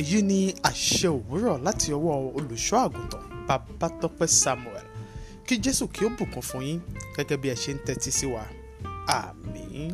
èyí ni àṣẹ òwúrọ̀ láti ọwọ́ olùṣọ́ àgùntàn Babátọ́pẹ́ Samuel kí Jésù kí ó bùkún fún yín gẹ́gẹ́ bí ẹ ṣe ń tẹ́tí sí wa àmín.